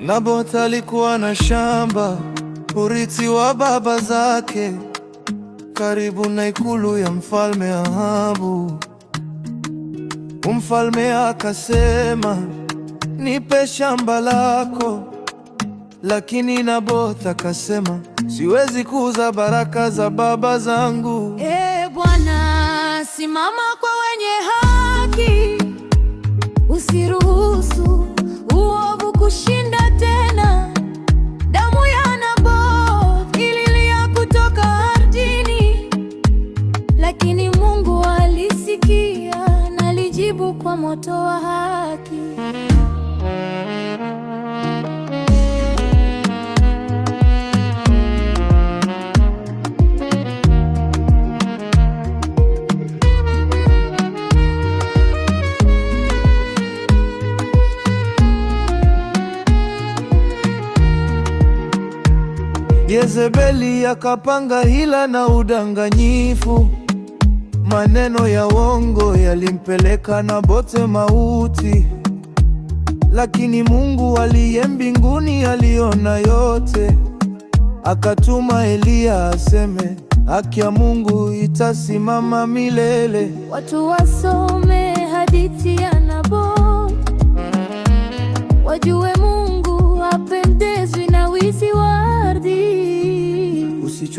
Nabota alikuwa na shamba urithi wa baba zake karibu na ikulu ya mfalme Ahabu. Mfalme akasema, nipe shamba lako, lakini nabota akasema, siwezi kuuza baraka za baba zangu. Ee Bwana, simama kwa wenye haki. Usiruhusu uovu kushinda tena. Damu ya Naboth ililia kutoka ardhini, lakini Mungu alisikia na alijibu kwa moto wa haki. Yezebeli akapanga hila na udanganyifu, maneno ya uongo yalimpeleka Nabote mauti, lakini Mungu aliye mbinguni aliona yote, akatuma Eliya aseme haki ya Mungu itasimama milele. Watu wasome hadithi ya Nabote.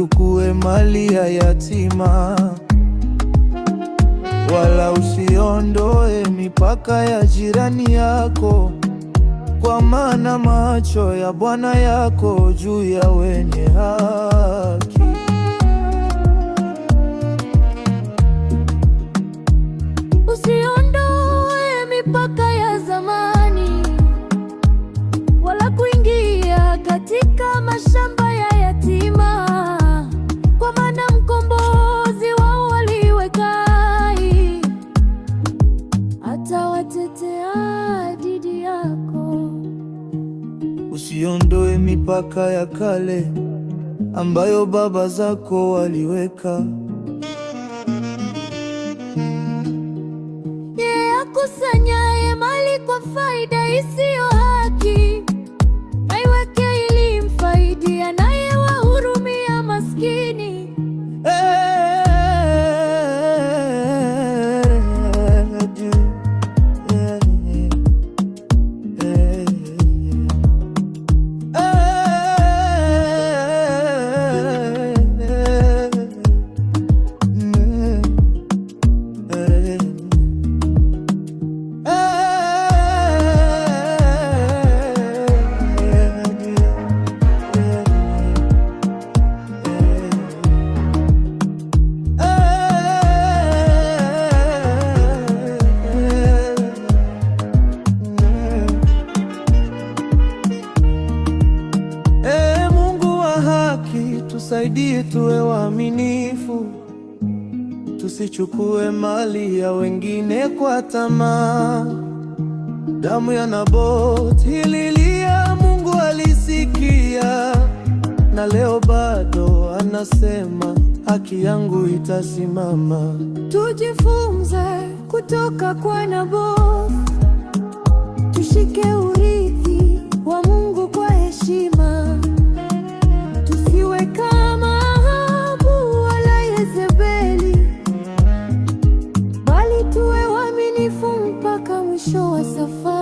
usichukue mali ya yatima, wala usiondoe mipaka ya jirani yako, kwa maana macho ya Bwana yako juu ya wenye haki. Usiondoe mipaka ya zamani, wala kuingia katika mashamba uondoe mipaka ya kale ambayo baba zako waliweka. Yeah, kusanya tusaidie tuwe waaminifu, tusichukue mali ya wengine kwa tamaa. Damu ya nabot ililia, Mungu alisikia, na leo bado anasema haki yangu itasimama. Tujifunze kutoka kwa Nabothi, tushike so far